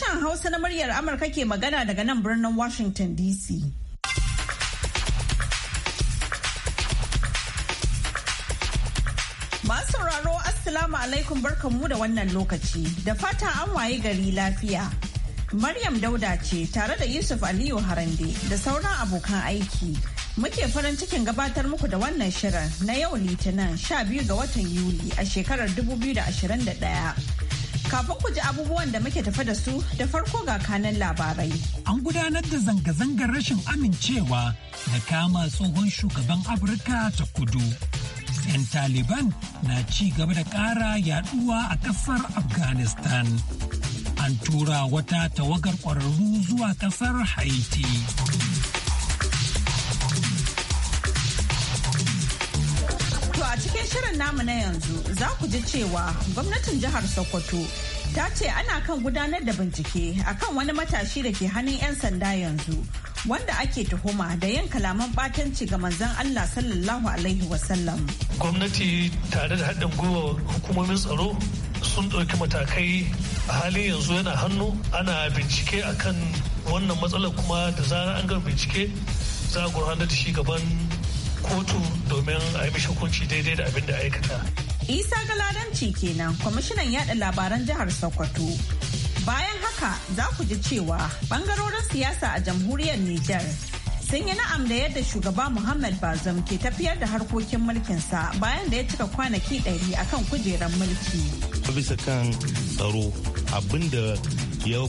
Sashen Hausa na muryar Amurka ke magana daga nan birnin Washington DC. Masu sauraro Assalamu alaikum barkanmu da wannan lokaci da fata an waye gari lafiya. Maryam Dauda ce tare da Yusuf Aliyu Harande da sauran abokan aiki. Muke farin cikin gabatar muku da wannan shirin na yau Litinin 12 ga watan Yuli a shekarar 2021. Kafin ku ji abubuwan da muke tafa da su da farko ga kanan labarai. An gudanar da zanga-zangar rashin amincewa da kama tsohon shugaban Afirka ta kudu. 'Yan Taliban na ci gaba da ƙara yaduwa a ƙasar Afghanistan. An tura wata tawagar ƙwararru zuwa ƙasar Haiti. cikin shirin namu na yanzu za ku ji cewa gwamnatin jihar Sokoto ta ce ana kan gudanar da bincike akan wani matashi da ke hannun 'yan sanda yanzu wanda ake tuhuma da yin kalaman batanci ga manzon Allah sallallahu alaihi wasallam. Gwamnati tare da haɗin gwiwa hukumomin tsaro sun ɗauki matakai a halin yanzu yana hannu ana bincike akan wannan matsalar kuma da zarar an gama bincike za a gurhanar da shi gaban kotu domin a yi mishi hukunci daidai da abin da aikata. Isa Galadanci kenan kwamishinan yaɗa labaran jihar Sokoto. Bayan haka za ku ji cewa bangarorin siyasa a jamhuriyar Nijar sun yi na'am da yadda shugaba Muhammad Bazum ke tafiyar da harkokin mulkinsa bayan da ya cika kwanaki ɗari akan kujerar mulki. Bisa kan tsaro abinda ya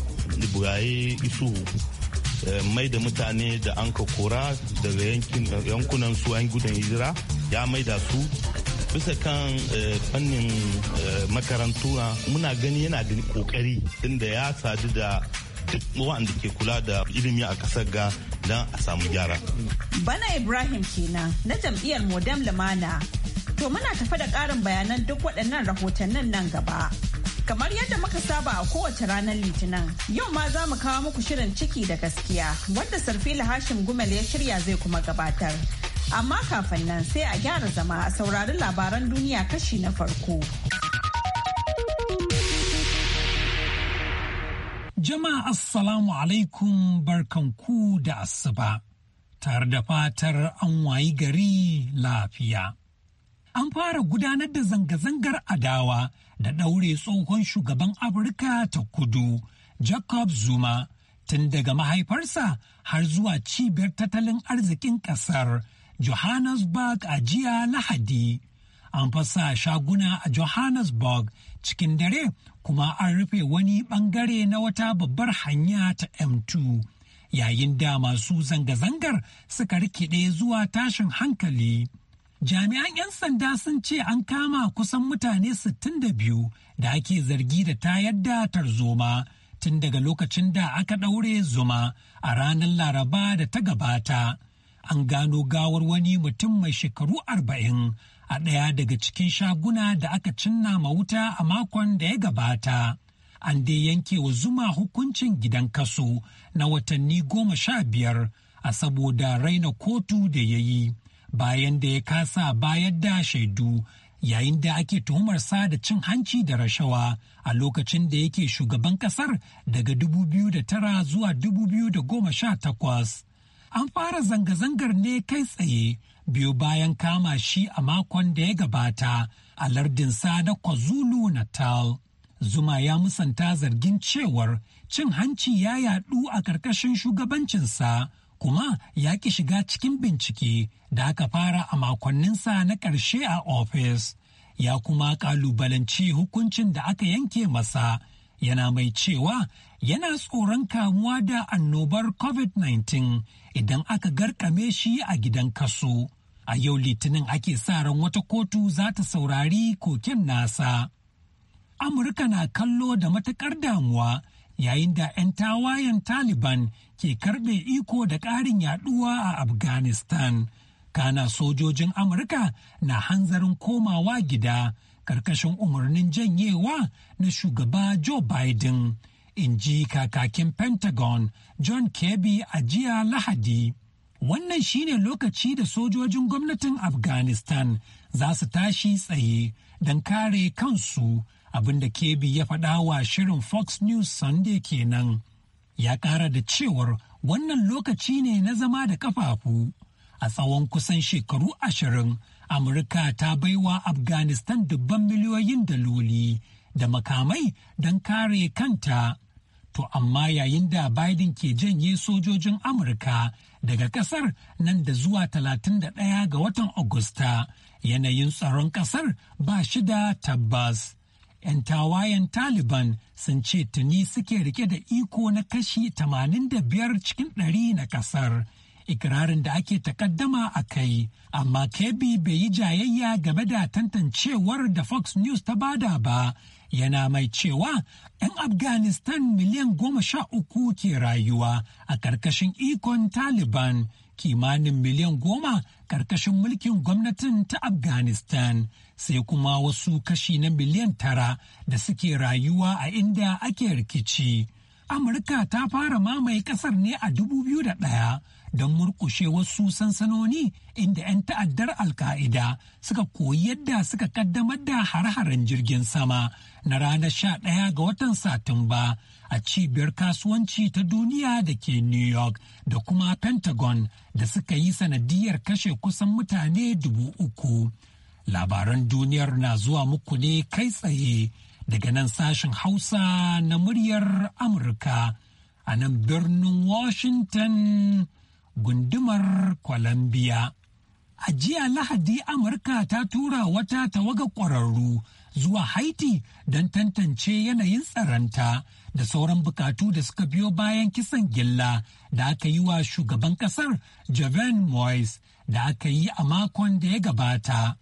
buraye isu Eh, mai da mutane da an ka kora daga yankunan su an gudun hijira ya mai da su bisa kan eh, fannin eh, makarantu ah, muna gani yana da kokari inda ya sadu da duk da ke kula da ilimi a kasar ga don a samu gyara. Bana Ibrahim kenan na jam'iyyar Modem Lumana. To muna tafa da ƙarin bayanan duk waɗannan rahotannin nan gaba. Kamar yadda muka saba a kowace ranar Litinin, yau ma za mu kawo muku shirin ciki da gaskiya wanda Sarfila Hashim Gumel ya shirya zai kuma gabatar. Amma kafin nan sai a gyara zama a saurari labaran duniya kashi na farko. Jama'a Assalamu alaikum barkanku da asuba, tare da fatar an wayi gari lafiya. an fara gudanar da zanga-zangar adawa da ɗaure tsohon shugaban Afirka ta kudu, Jacob Zuma, tun daga mahaifarsa har zuwa cibiyar tattalin arzikin ƙasar Johannesburg a jiya Lahadi. An fasa shaguna a Johannesburg cikin dare kuma an rufe wani ɓangare na wata babbar hanya ta M2. yayin da masu zanga-zangar suka rikide zuwa tashin hankali. Jami'an 'yan sanda sun ce an kama kusan mutane 62 da ake zargi da tayar da tarzoma tun daga lokacin da aka ɗaure zuma a ranar Laraba da ta gabata. An gano gawar wani mutum mai shekaru arba'in a ɗaya daga cikin shaguna da aka cinna ma wuta a makon da ya gabata. An dai yanke wa zuma hukuncin gidan kaso na watanni goma sha biyar a saboda raina kotu da ya yi. bayan da ya kasa bayar da shaidu yayin da ake tuhumar sa da cin hanci da rashawa a lokacin da yake shugaban kasar daga 2009 zuwa 2018. An fara zanga-zangar ne kai tsaye biyu bayan kama shi a makon da ya gabata a lardinsa na kwazulu natal zuma ya musanta zargin cewar cin hanci ya yadu a ƙarƙashin shugabancinsa kuma ya ki shiga cikin bincike da aka fara a makonninsa na ƙarshe a ofis ya kuma ƙalubalanci hukuncin da aka yanke masa yana mai cewa yana tsoron kamuwa da annobar covid-19 idan aka garkame shi a gidan kasu, a yau litinin ake sa ran wata kotu za ta saurari koken nasa amurka na kallo da matakar damuwa yayin da 'yan tawayen Taliban ke karbe iko da ƙarin yaduwa a Afghanistan. Kana sojojin Amurka na hanzarin komawa gida ƙarƙashin umarnin janyewa na shugaba Joe Biden, in ji kakakin Pentagon John Kirby a jiya Lahadi. Wannan shine lokaci da sojojin gwamnatin Afghanistan za su tashi tsaye don kare kansu Abin da kebi ya faɗa wa shirin fox news sunday kenan ya ƙara da cewar wannan lokaci ne na zama da kafafu a tsawon kusan shekaru ashirin amurka ta baiwa afghanistan dubban miliyoyin daloli da makamai don kare kanta to amma yayin da biden ke janye sojojin amurka daga kasar nan da zuwa 31 ga watan agusta yanayin tsaron kasar ba shi da tabbas 'yan tawayen Taliban sun ce tuni suke rike da iko na kashi 85 cikin 100 na kasar. Ikirarin da ake takaddama a kai, amma Kebi bai yi jayayya game da tantancewar da Fox News ta bada ba, yana mai cewa 'yan Afghanistan miliyan goma sha uku ke rayuwa a ƙarƙashin ikon Taliban, kimanin miliyan goma ƙarƙashin mulkin gwamnatin ta Afghanistan. sai kuma wasu kashi na miliyan tara da suke rayuwa a inda ake rikici. Amurka ta fara mamaye kasar ne a dubu biyu da ɗaya don murkushe wasu sansanoni inda 'yan ta'addar alka'ida suka koyi yadda suka kaddamar da har-haren jirgin sama na ranar ɗaya ga watan Satumba a cibiyar kasuwanci ta duniya da ke New York da kuma Pentagon da suka yi sanadiyar kashe kusan mutane dubu uku. Labaran duniyar na zuwa muku ne kai tsaye daga nan sashen Hausa na muryar Amurka a nan birnin Washington gundumar Columbia. A jiya Lahadi Amurka ta tura wata tawaga kwararru. zuwa Haiti don tantance yanayin tsaranta da sauran bukatu da suka biyo bayan kisan gilla da aka yi wa shugaban kasar Javen Moise da aka yi a makon da ya gabata.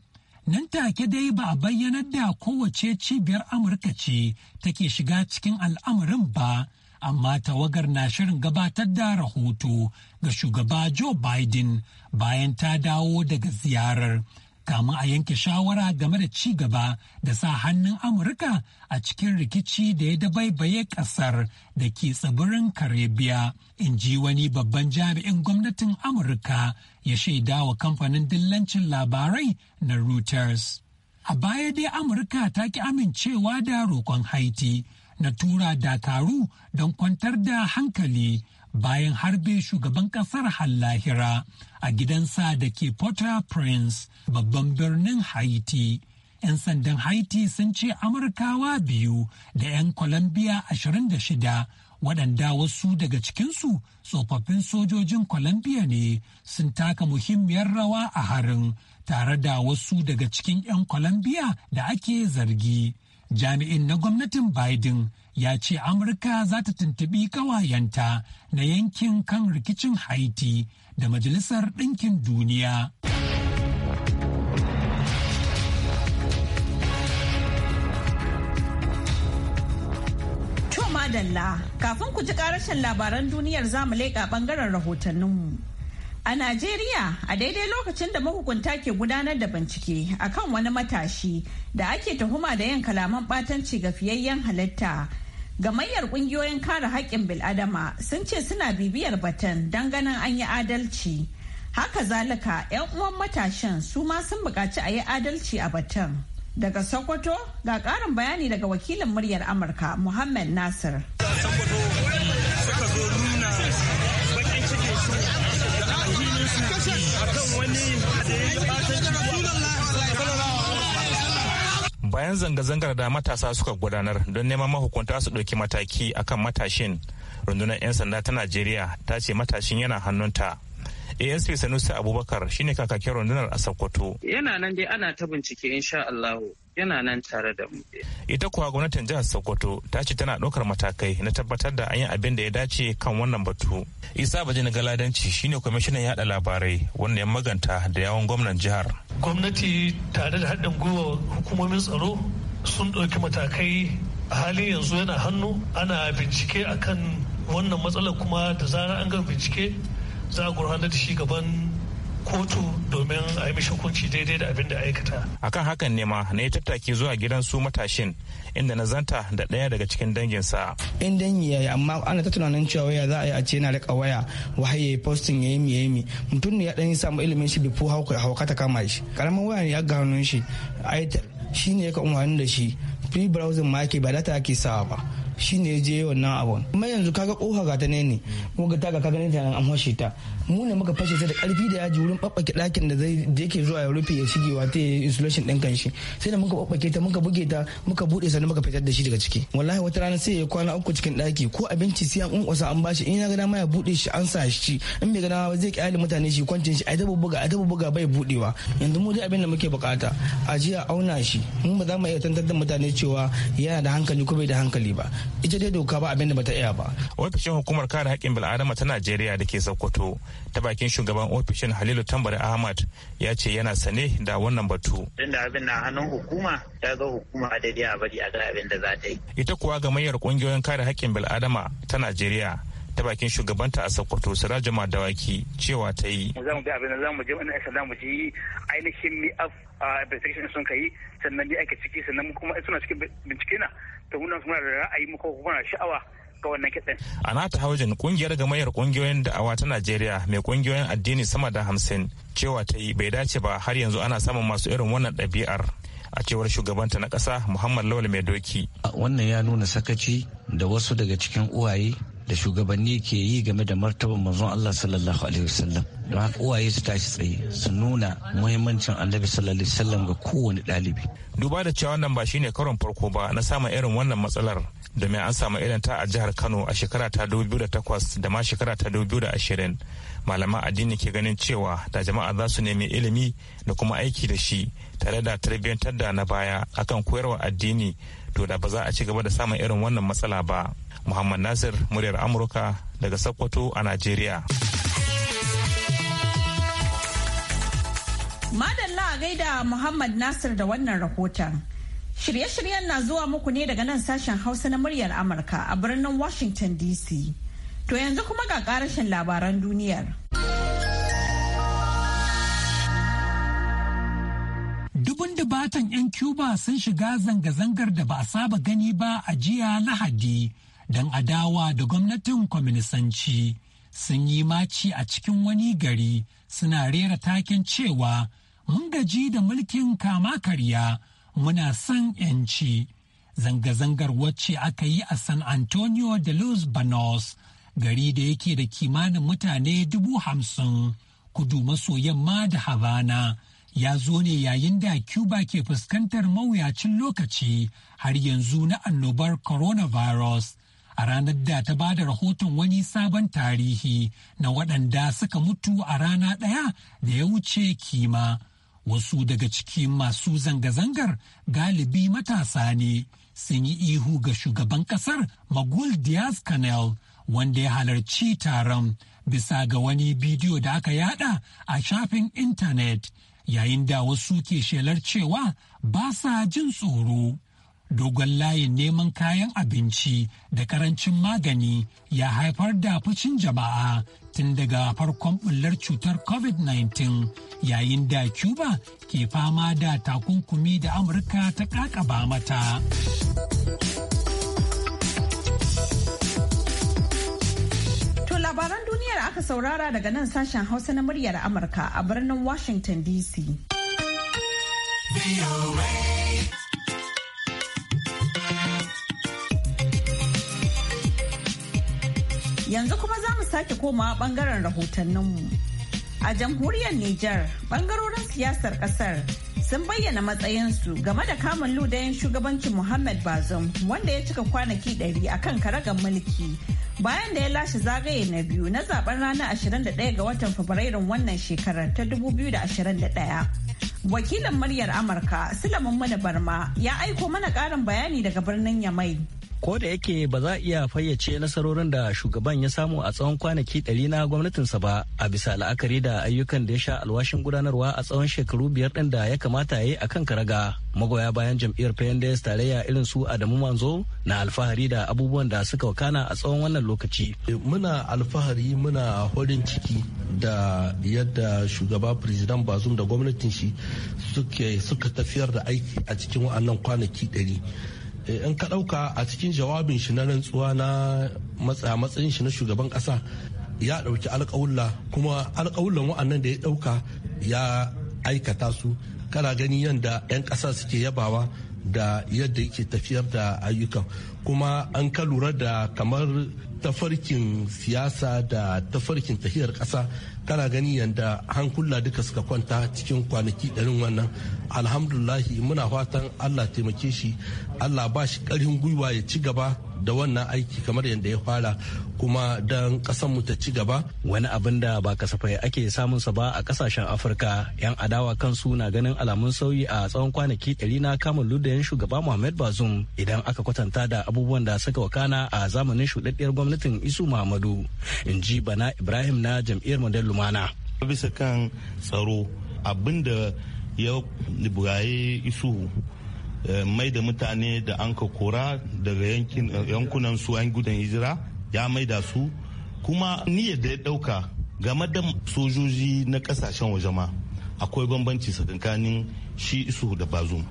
nan take dai ba a bayyanar da kowace cibiyar amurka ce take shiga cikin al'amarin ba amma tawagar na shirin gabatar da rahoto ga shugaba joe biden bayan ta dawo daga ziyarar kamun a yanke shawara game da ci gaba da sa hannun Amurka a cikin rikici da ya dabaibaye kasar da ke tsibirin Karibiya, in ji wani babban jami'in gwamnatin Amurka ya shaida wa kamfanin dillancin labarai na Reuters. A baya dai Amurka ta ki amincewa da roƙon Haiti na tura dakaru don kwantar da hankali bayan harbe shugaban kasar hallahira a gidansa da ke Port-au-Prince babban birnin Haiti. 'Yan sandan Haiti sun ce Amurkawa biyu da 'yan Colombia 26 waɗanda wasu daga cikinsu tsofaffin sojojin Colombia ne sun taka muhimmiyar rawa a harin tare da wasu daga cikin 'yan Colombia da ake zargi. Jami'in na gwamnatin Biden ya ce Amurka za ta tuntuɓi ƙawayenta na yankin kan rikicin Haiti da Majalisar Ɗinkin Duniya. madalla kafin ku ji ƙarashin labaran duniyar zamu leƙa ɓangaren rahotanninmu. A Najeriya a daidai lokacin da mahukunta ke gudanar da bincike akan wani matashi da ake tuhuma da yin kalaman ɓatanci ga fiyayyen halitta. Gamayyar kungiyoyin kare haƙƙin bil'adama sun ce suna bibiyar batun don ganin an yi adalci. Haka zalika 'yan uwan matashin su ma sun buƙaci a yi adalci a batun. Daga Sokoto ga ƙarin bayani daga wakilin muryar Amurka Muhammad Nasir. akan wani da ya bayan zanga-zangar da matasa suka gudanar don neman mahukunta su ɗauki mataki akan matashin rundunar 'yan sanda ta najeriya ta ce matashin yana hannunta ANC sanusi abubakar shine kakakin rundunar a sokoto yana nan dai ana ta bincike sha allahu yana nan tare da mu ita kuwa gwamnatin jihar sokoto ta ce tana ɗaukar matakai na tabbatar da an yi abin da ya dace kan wannan batu isa baje na galadanci shine kwamishinan yaɗa labarai wanda ya maganta da yawon gwamnan jihar gwamnati tare da haɗin gwiwa hukumomin tsaro sun ɗauki matakai a halin yanzu yana hannu ana bincike akan wannan matsalar kuma da zarar an ga bincike za a gurfanar da shi gaban kotu domin a yi mishi hukunci daidai da abin da aikata. Akan hakan ne ma na yi tattaki zuwa gidan su matashin inda na zanta da ɗaya daga cikin danginsa. In dangi ya yi amma ana ta tunanin cewa waya za a yi a ce na riƙa waya wahai ya postin ya yi mi ya mutum ne ya ɗan yi samu ilimin shi bifo hauka ta kama shi. Karamin waya ne ya gano shi shi ne ya ka umarni da shi free browsing ma ke ba data ake sawa ba. shine ya je wannan abun kuma yanzu kaga kofa ga ta ne ne kuma ga ta ga kaga ta an hwashe ta mu ne muka fashe sai da karfi da yaji wurin babbake dakin da zai da yake zuwa ya rufe ya shige wa ta insulation din kanshi sai da muka babbake ta muka buge ta muka bude sannan muka fitar da shi daga ciki wallahi wata rana sai ya kwana uku cikin daki ko abinci sai an unkwasa an bashi in ya ga dama ya bude shi an sa shi in bai ga dama zai kyale mutane shi kwancin shi a ta buga a ta buga bai budewa yanzu mu dai abin da muke bukata a ji a auna shi mun ba za mu iya tantar da mutane cewa yana da hankali ko bai da hankali ba ita dai doka ba abin da bata iya ba ofishin hukumar kare haƙƙin bil'adama ta Najeriya da ke Sokoto ta bakin shugaban ofishin halilu tambari ahmad ya ce yana sane da wannan batu tunda abin na hannun hukuma ta ga hukuma a daidai a bari a ga abin da za ta yi ita kuwa ga mayar kungiyoyin kare haƙƙin bil'adama ta najeriya ta bakin shugabanta a sokoto sirajama dawaki cewa ta yi za ga abin da za mu je wannan aisha za mu ji ainihin mi af investigation sun kai sannan ni ake ciki sannan kuma suna cikin bincike na ta da ra'ayi muka kuma kuma sha'awa ga wannan kitsin. A nata haujin kungiyar gamayyar kungiyoyin da'awa ta Najeriya mai kungiyoyin addini sama da hamsin cewa ta yi bai dace ba har yanzu ana samun masu irin wannan ɗabi'ar. a cewar shugabanta na ƙasa muhammad lawal mai doki wannan ya nuna sakaci da wasu daga cikin uwaye da shugabanni ke yi game da martaban manzon Allah sallallahu alaihi wasallam don haka uwaye su tashi tsaye su nuna muhimmancin annabi sallallahu alaihi wasallam ga kowane dalibi. duba da cewa wannan ba shine karon farko ba na samun irin wannan matsalar da domin an samu irin ta a jihar kano a shekara ta 2008 da ma shekara ta 2020 malaman addini ke ganin cewa da jama'a za su nemi ilimi da kuma aiki da shi tare da tarbiyyantar da na baya akan koyarwa addini to da ba za a ci gaba da samun irin wannan matsala ba. Muhammad Nasir muryar Amurka daga Sokoto a Najeriya. Madalla gaida Muhammad Nasir da wannan rahoton. Shirye-shiryen na zuwa muku ne daga nan sashen Hausa na muryar Amurka a birnin Washington DC. To yanzu kuma ga karashin labaran duniyar. Dubun dubatan 'yan Cuba sun shiga zanga-zangar da ba a saba gani ba a jiya Lahadi. don adawa da gwamnatin kwaminisanci sun yi maci a cikin wani gari suna rera taken cewa mun gaji da mulkin kama karya muna son 'yanci. Zanga-zangar wacce aka yi a San Antonio de los Banos gari da yake da kimanin mutane dubu hamsin kudu maso yamma da Havana ya zo ne yayin da Cuba ke fuskantar mawuyacin lokaci har yanzu na annobar coronavirus a ranar da ta ba da rahoton wani sabon tarihi na waɗanda suka mutu a rana ɗaya da ya wuce kima. Wasu daga ciki masu zanga-zangar galibi matasa ne sun yi ihu ga shugaban ƙasar Magul Diaz-Canel wanda ya halarci taron bisa ga wani bidiyo da aka yada a shafin intanet yayin da wasu ke shelar cewa ba sa jin tsoro. dogon layin neman kayan abinci da karancin magani ya haifar da fucin jama'a tun daga farkon bullar cutar covid-19 yayin da cuba ke fama da takunkumi da amurka ta kakaba mata to labaran duniyar aka saurara daga nan sashen hausa na muryar amurka a birnin washington dc Yanzu kuma za mu sake komawa bangaren rahotanninmu. A jamhuriyar Nijar, bangarorin siyasar kasar sun bayyana matsayinsu game da kamun ludayin shugabancin Muhammad Bazum, wanda ya cika kwanaki 100 akan karagar mulki bayan da ya lashe zagaye na biyu na zaben ranar 21 ga watan Fabrairun wannan shekarar ta 2021. Wakilin muryar Amurka Sulaiman Mana Barma ya aiko mana ƙarin bayani daga birnin Yamai. ko da yake ba za a iya fayyace nasarorin da shugaban ya samu a tsawon kwanaki ɗari na gwamnatinsa ba a bisa la'akari da ayyukan da ya sha alwashin gudanarwa a tsawon shekaru biyar ɗin da ya kamata ya yi a kan karaga magoya bayan jam'iyyar pnds tarayya irin su adamu manzo na alfahari da abubuwan da suka wakana a tsawon wannan lokaci muna alfahari muna horin ciki da yadda shugaba president bazum da gwamnatin shi suka tafiyar da aiki a cikin wa'annan kwanaki ɗari Eh, in ka ɗauka a cikin jawabin shi na rantsuwa na matsayin shi na shugaban ƙasa ya ɗauki alƙawulla kuma alƙawullan wa'annan da ya ɗauka ya aikata su kana gani yadda 'yan ƙasa suke yabawa da yadda yake tafiyar da ayyukan kuma an ka lura da kamar tafarkin siyasa da tafarkin tahiyar ƙasa kana gani yadda hankula duka suka kwanta cikin kwanaki ɗarin wannan alhamdulahi muna fatan allah taimake shi allah ba shi ƙarfin gwiwa ya ci gaba da wannan aiki kamar yadda ya fara kuma don ƙasar mu ta ci gaba wani abin da ba kasafai ake samun sa ba a kasashen afirka yan adawa kansu na ganin alamun sauyi a tsawon kwanaki ɗari na kamun ludayen shugaba muhammad bazum idan aka kwatanta da abubuwan da suka wakana a zamanin shuɗaɗɗiyar gwamnatin isu muhammadu in ji bana ibrahim na jam'iyyar model lumana bisa kan tsaro abin da ya bugaye isu. Eh, mai da mutane da an ka kora daga eh, yankunan su an gudan hijira ya mai da su kuma niyyar da ya dauka game da sojoji na kasashen waje ma akwai bambanci tsakanin shi isu da bazum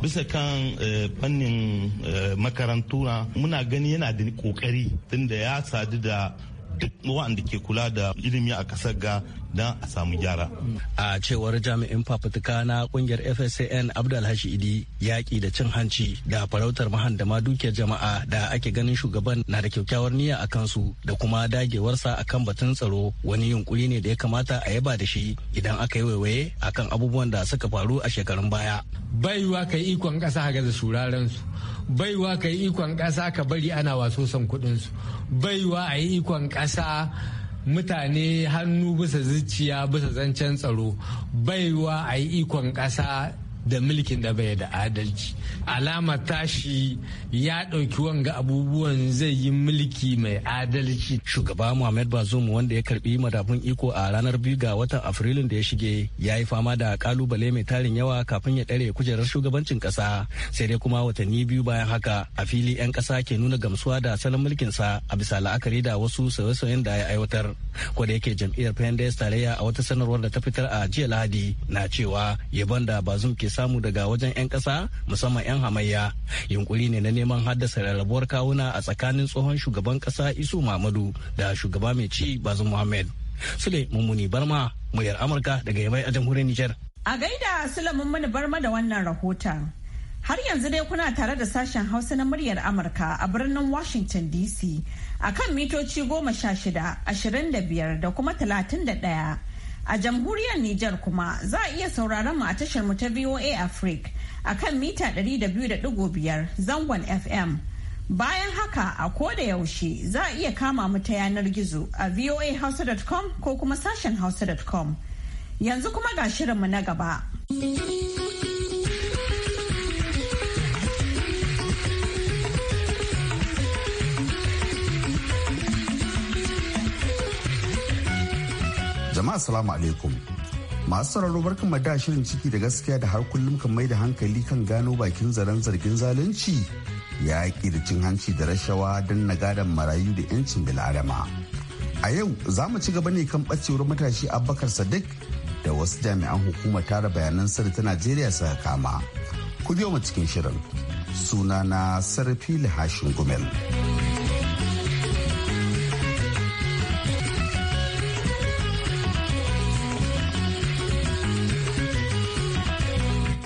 bisa kan eh, fannin makarantuna muna gani yana da kokari tunda ya sadu da duk wa'anda ke kula da ilimi a kasar ga don a samu gyara. A cewar jami'in fafutuka na kungiyar FSAN Abdulhashi Idi yaƙi da cin hanci da farautar mahandama dukiyar jama'a da ake ganin shugaban na da kyakkyawar niyya a kansu da kuma dagewarsa a kan batun tsaro wani yunkuri ne da ya kamata a yaba da shi idan aka yi waiwaye a akan abubuwan da suka faru a shekarun baya. Baiwa yi ikon ƙasa ga da su baiwa ka yi ikon ƙasa ka bari ana waso son kuɗinsu baiwa a yi ikon ƙasa mutane hannu bisa zuciya bisa zancen tsaro baiwa a yi ikon ƙasa da mulkin da bai da adalci alama tashi ya ɗauki wanga abubuwan zai yi mulki mai adalci shugaba muhammad bazoum wanda ya karbi madafun iko a ranar biyu ga watan afrilun da ya shige ya yi fama da kalubale mai tarin yawa kafin ya ɗare kujerar shugabancin ƙasa sai dai kuma watanni biyu bayan haka a fili 'yan ƙasa ke nuna gamsuwa da salon sa a bisa la'akari da wasu sauye-sauyen da ya aiwatar ko da yake jam'iyyar pendes tarayya a wata sanarwar da ta fitar a jiya lahadi na cewa yabon da bazum ke samu daga wajen 'yan ƙasa musamman 'yan hamayya yunkuri ne na neman haddasa rarrabuwar kawuna a tsakanin tsohon shugaban ƙasa isu mamadu da shugaba mai ci bazin muhammad sule mummuni barma muryar amurka daga yamai a jamhuriyar nijar a gaida sule mummuni barma da wannan rahoton Har yanzu dai kuna tare da sashen Hausa na muryar Amurka a birnin Washington DC a kan mitoci goma sha shida, ashirin da biyar da kuma talatin da daya. A jamhuriyar Nijar kuma za a iya sauraron mu a tashar mu ta VOA Africa a kan mita 200.5 zangon FM. Bayan haka a koda yaushe za a iya kama mu ta yanar gizo a voahausa.com ko kuma sashen hausa.com. Yanzu kuma ga shirinmu na gaba. jama'a salamu alaikum masu sauraro barkan da shirin ciki da gaskiya da har kullum kan mai da hankali kan gano bakin zaren zargin zalunci ya yaƙi da cin hanci da rashawa don na gadon marayu da 'yancin bil'adama a yau za mu ci gaba ne kan ɓacewar matashi abubakar sadiq da wasu jami'an hukumar tara bayanan sirri ta najeriya suka kama ku biyo mu cikin shirin sunana sarfili hashin gumel.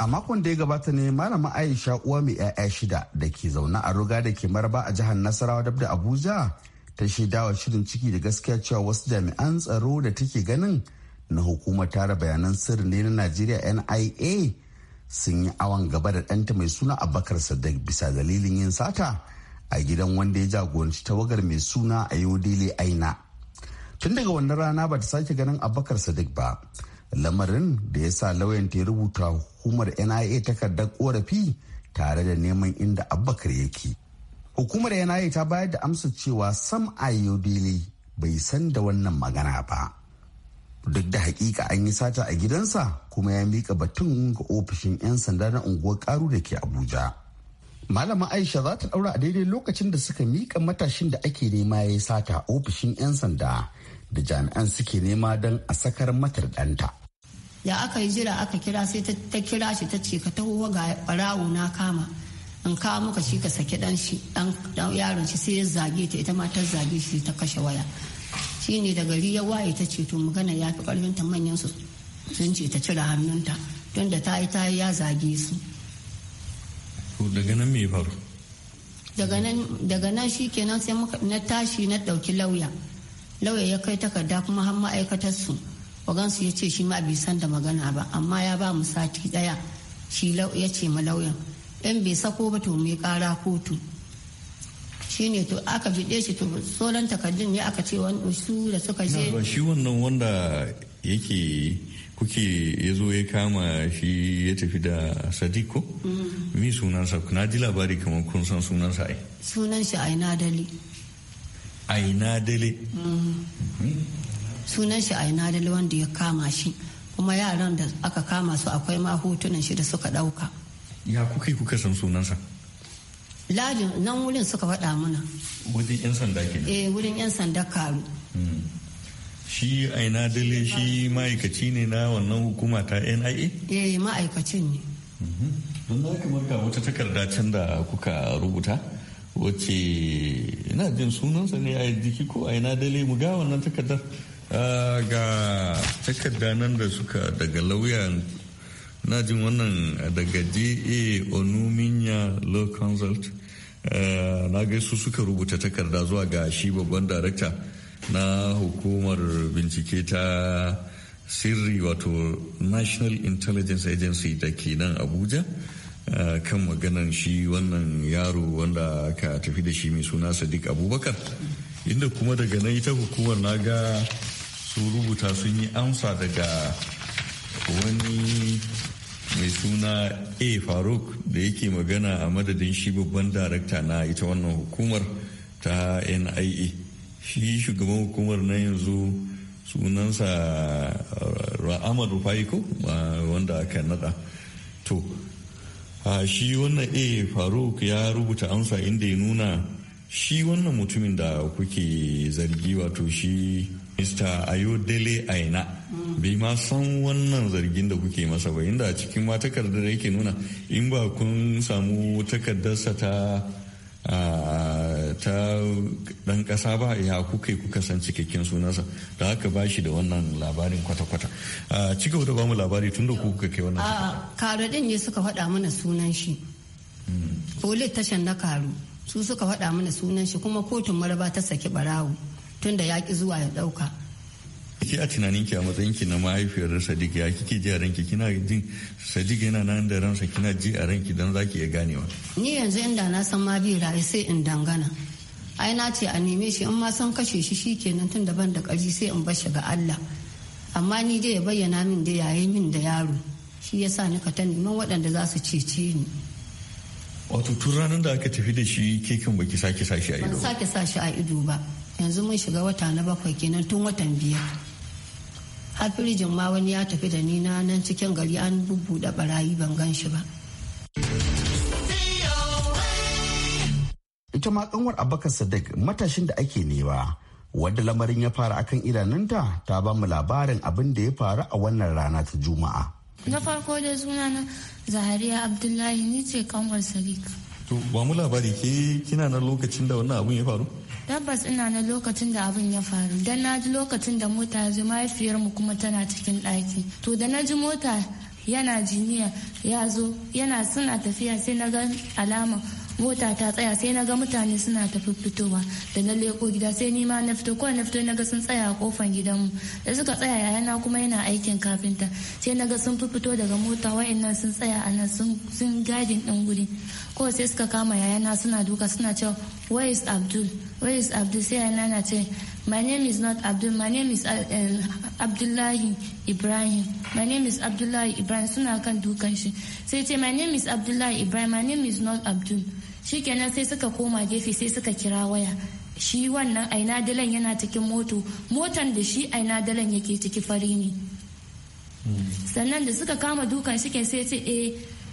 makon da ya gabata ne malama aisha uwa mai 'ya'ya shida da ke zaune a roga da ke maraba a jihar nasarawa dab da abuja ta shaidawa shirin ciki da gaskiya cewa wasu jami'an tsaro da take ganin na hukumar tara bayanan sirri ne na najeriya nia sun yi awon gaba da ɗanta mai suna abakar saddiq bisa dalilin yin sata a gidan wanda ya jagoranci tawagar mai suna a yodele aina tun daga wannan rana ba ta sake ganin abakar sadiq ba lamarin da ya sa lauyan ta rubuta hukumar nia takardar korafi tare da neman inda abubakar yake hukumar nia ta bayar da amsa cewa sam ayodele bai san da wannan magana ba duk da hakika an yi sata a gidansa kuma ya mika batun ga ofishin 'yan sanda na unguwar karu da ke abuja malama aisha za ta daura a daidai lokacin da suka mika matashin da ake nema ya yi sata ofishin 'yan sanda da jami'an suke nema don a sakar matar ɗanta ya aka yi jira aka kira sai ta kira shi ta ce ka taho ga barawo na kama in kawo muka shi ka saki dan shi dan yaron shi sai ya zage ta ita ma ta zage shi ta kashe waya shine da gari ya waye ta ce to magana ya fi karfin ta manyan su sun ce ta cire hannunta tun da ta yi ta ya zage su daga nan me faru daga nan shi kenan sai na tashi na dauki lauya lauya ya kai takarda kuma har ma'aikatar su su ya ce shi ma bai san da magana ba amma ya ba mu sati daya shi ya ce ma lauyan in bai sako ba to mai kara kotu shine to aka bide shi to solan takardun ne aka ce wani su da suka je ba shi wannan wanda yake kuke ya zo ya kama shi ya tafi da sadiko mm. mi sunansa na ji labari kamar kun san sunansa ai sunan shi aina dale aina dale mm. hmm. sunan shi ina da wanda ya kama shi kuma yaran da aka kama su akwai ma hotunan shi da suka ɗauka. ya kuka yi kuka san sunansa ladin nan wurin suka faɗa mana wurin yan sanda ke eh wurin yan sanda karu hmm. shi aina dale shi ma'aikaci ne na wannan hukuma ta nia eh ma'aikacin ne hmm. don na kamar ga wata takarda can da kuka rubuta wace ina jin sunansa ne a yi jiki ko aina dale mu ga wannan takardar Ah, ga takarda nan da suka daga lauya na jin wannan daga da onuminya law consult ah, na gaisu suka rubuta takarda zuwa ga shi babban darakta na hukumar bincike ta sirri wato national intelligence agency da ke nan abuja ah, kan maganan shi wannan yaro wanda ka tafi da shi mai suna sadiq abubakar inda kuma daga nan ita hukumar na ga sun rubuta sun yi amsa daga wani mai suna a faruk da yake magana a madadin shi babban darakta na ita wannan hukumar ta nia shi shugaban hukumar na yanzu sunansa eh, ra'amar rufai ko wanda aka nada to shi wannan a faruk ya rubuta amsa inda ya nuna shi wannan mutumin da kuke zargi wato shi Mr. Ayodele Aina bai ma san wannan zargin da kuke masa ba inda a cikin ma takardar yake nuna in ba kun samu takardarsa ta ta dan kasa ba ya kuka kuka san cikakken sunansa da haka ba shi da wannan labarin kwata-kwata a cikin da ba mu labari tun da kuka kai wannan karo din ne suka faɗa mana sunan shi hmm. polis tashan na karo su suka faɗa mana sunan shi kuma kotun maraba ta saki barawo tunda ya ki zuwa ya ɗauka. ki a tunanin ki a matsayin ki na mahaifiyar sadiq ya kike ji a ranki kina jin sadiq yana nan da ransa kina ji a ranki dan ki iya ganewa ni yanzu inda na san ma bi raye sai in dangana ai na ce a neme shi in ma san kashe shi shikenan tun daban da kaji sai in bashi ga Allah amma ni dai ya bayyana min da yayi min da yaro shi yasa ni ka ta neman waɗanda za su cece ni wato tun ranar da aka tafi da shi kekin baki sake sashi a ido ban sake sashi a ido ba yanzu mun shiga wata na bakwai kenan tun watan biyar har firijin ma wani ya tafi da ni na nan cikin gari an bubbuɗe barayi ban gan shi ba ita ma kanwar abakar sadiq matashin da ake newa wadda lamarin ya fara akan idanunta ta ba mu labarin abin da ya faru a wannan rana ta juma'a na farko da sunana zahariya abdullahi ni ce kanwar sadiq to ba mu labari ke kina nan lokacin da wannan abin ya faru tabbas ina na lokacin da abin ya faru dan na ji lokacin da mota ya zo mahaifiyarmu kuma tana cikin ɗaki to da na ji mota yana jiniya ya zo yana suna tafiya sai na ga alama mota ta tsaya sai na ga mutane suna tafi fitowa da na leko gida sai nima ma na fito ko na fito na ga sun tsaya a kofan gidanmu da suka tsaya yayana kuma yana aikin kafinta sai na ga sun fito daga mota wa'annan sun tsaya a nan sun gadin ɗan guri ko sai suka kama yayana suna duka suna cewa where abdul where is abdul sai yana ce my name is not abdul my name is uh, um, abdullahi ibrahim my name is abdullahi ibrahim suna kan dukan shi sai ce my name is abdullahi ibrahim my name is not abdul shikenan sai suka koma gefe sai suka kira waya shi wannan aina dalan yana cikin moto motan da shi aina dalan yake ciki fari ne hmm. sannan da suka kama dukan shi sai ce eh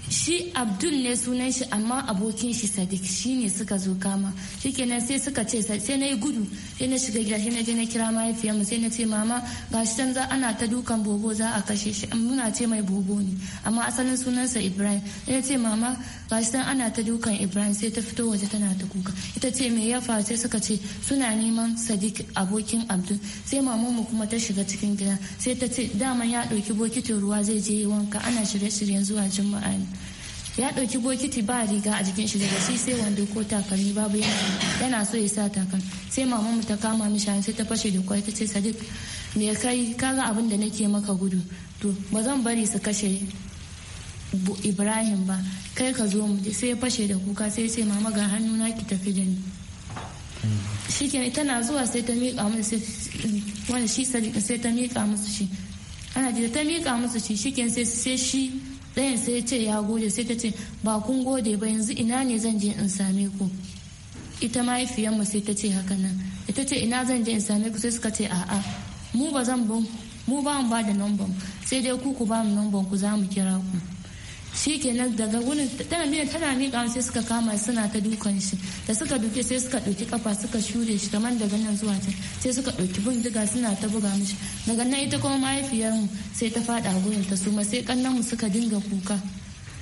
shi abdul ne sunan shi amma abokin shi sadiq shi ne suka zo kama shikenan sai suka ce sai na yi gudu sai na shiga gida sai na je na kira mahaifiyarmu sai na ce mama gashi can za ana ta dukan bobo za a kashe shi muna ce mai bobo ne amma asalin sunansa ibrahim sai na ce mama san ana ta dukan ibrahim sai ta fito waje tana ta kuka ita ce mai ya faru sai suka ce suna neman sadiq abokin abdul sai mamanmu kuma ta shiga cikin gida sai ta ce daman ya ɗauki bokitin ruwa zai je wanka ana shirye-shiryen zuwa juma'a ya ɗauki bokiti ba riga a jikin shi daga shi sai wando ko takalmi babu yana so ya sa takalmi sai mamanmu ta kama mishi sai ta fashe da kwai ta ce sadiq me kai kaga abin da nake maka gudu to ba zan bari su kashe ibrahim ba kai ka zo mu sai ya fashe da kuka sai ce mama ga hannu na ki tafi da ni shikenan tana zuwa sai ta miƙa musu shi sadiq sai ta miƙa musu shi ana ji ta miƙa musu shi shikenan sai sai shi ɗayan sai ce ya gode sai ta ce ba kun gode ba yanzu ina ne zan je in same ku ita mahaifiyarmu sai ta ce haka nan ita ce ina zan je in same ku sai suka ce a'a mu ba zan mu ba mu ba da nomban sai dai ku ku ba mu nomban ku za mu kira ku shi kenan daga wurin tana ne tana miƙa sai suka kama suna ta dukan shi da suka duke sai suka ɗauki kafa suka shure shi kamar daga nan zuwa can sai suka ɗauki bindiga suna ta buga mishi daga nan ita kuma mahaifiyarmu sai ta faɗa gurin ta suma sai kannanmu suka dinga kuka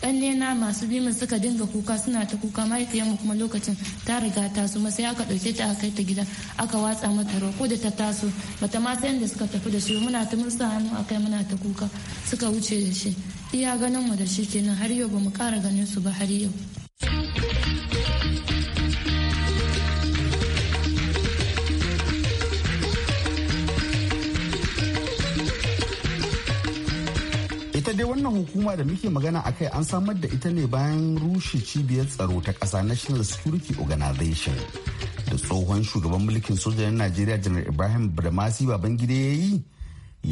kalle na masu bi min suka dinga kuka suna ta kuka mahaifiyar mu kuma lokacin ta riga ta su sai aka ɗauke ta a kai ta gida aka watsa mata ko da ta taso bata ma san da suka tafi da shi muna ta mun sa hannu akai muna ta kuka suka wuce da shi iya ganin mu da shi kenan har yau bamu kara ganin su ba har yau ita dai wannan hukuma da muke magana a kai an samar da ita ne bayan rushe cibiyar tsaro ta ƙasa national security organization da tsohon shugaban mulkin sojan najeriya janar ibrahim badamasi babangida ya yi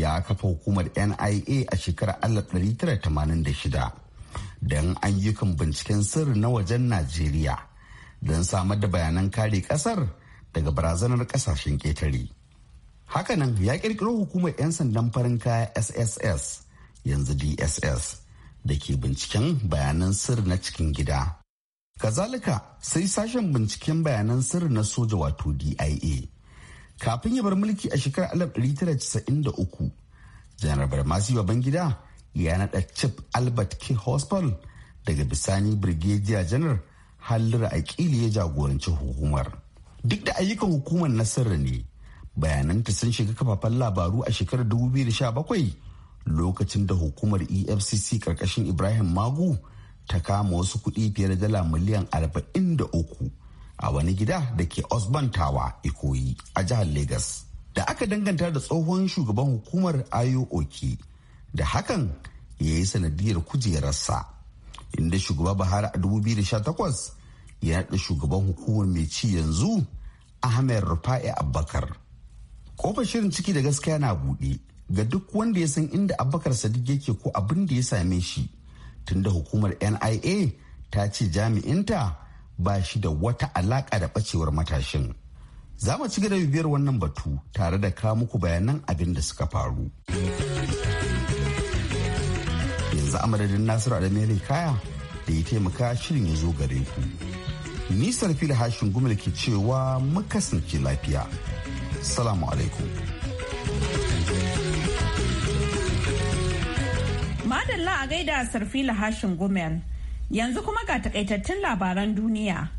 ya kafa hukumar nia a shekarar 1986 don ayyukan binciken sirri na wajen najeriya don samar da bayanan kare kasar daga barazanar kasashen ketare hakanan ya ƙirƙiro hukumar 'yan sandan farin kaya sss yanzu dss da ke binciken bayanan sirri na cikin gida kazalika sai sashen binciken bayanan sirri na soja wato dia kafin ya bar mulki a shekarar 1993 janar barmasi babangida ya naɗa cif albert k hospital daga bisani brigadier janar hallira aƙili ya jagoranci hukumar duk da ayyukan hukumar na sirri ne bayananta sun shiga kafafen labaru a shekarar 2017 lokacin da hukumar efcc karkashin ibrahim magu ta kama wasu kuɗi fiye da dala miliyan 43 a wani gida da ke osbantawa ikoyi a jihar Legas. da aka danganta da tsohon shugaban hukumar ayo da hakan ya yi sanadiyar kujerarsa inda shugaba buhari a 2018 ya naɗa shugaban hukumar mai ci yanzu ahmed rufa'i abubakar kofar shirin ciki da gaskiya na buɗe ga duk wanda ya san inda abubakar sadiq yake ko abin da ya same shi tunda hukumar nia ta ce jami'inta ba shi da wata alaka da bacewar matashin za mu ci gaba da bibiyar wannan batu tare da kawo muku bayanan abin da suka faru yanzu amadadin nasiru adamere kaya da ya taimaka shirin ya zo gare ku nisar fili hashin gumil ke cewa muka kasance lafiya salamu alaikum Madalla a gaida Sarfila Hashin Gumel. Yanzu kuma ga takaitattun labaran duniya.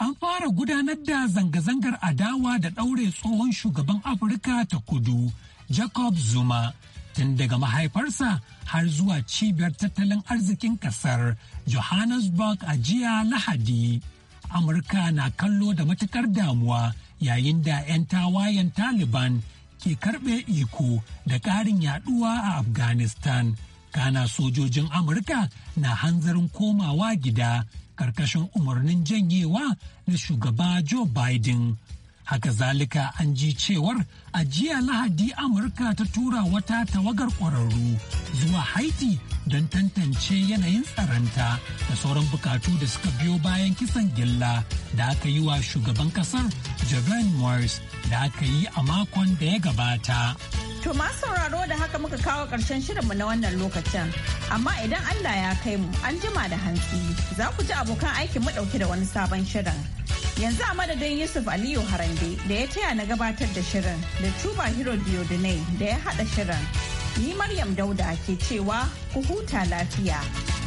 An fara gudanar da zanga-zangar adawa da ɗaure tsohon shugaban Afirka ta kudu, Jacob Zuma, tun daga mahaifarsa har zuwa cibiyar tattalin arzikin ƙasar Johannesburg a jiya Lahadi. Amurka na kallo da matukar damuwa yayin da 'yan tawayen Taliban ke karɓe iko da ƙarin yaɗuwa a Afghanistan. Kana sojojin Amurka na hanzarin komawa gida ƙarƙashin umarnin janyewa na shugaba Joe Biden. Haka zalika an ji cewar A jiya Lahadi Amurka ta tura wata tawagar kwararru zuwa Haiti don tantance yanayin tsaranta da sauran bukatu da suka biyo bayan kisan gilla da aka yi wa shugaban kasar Javan Morris da aka yi a makon da ya gabata. To masu sauraro da haka muka kawo ƙarshen shirinmu na wannan lokacin. Amma idan Allah ya kai mu an jima da hantsi za ku ji abokan aikin mu ɗauke da wani sabon shirin. Yanzu a madadin Yusuf Aliyu Harande da ya taya na gabatar da shirin da tuba Hero Diodune da ya haɗa shirin. Ni Maryam Dauda ke cewa ku huta lafiya.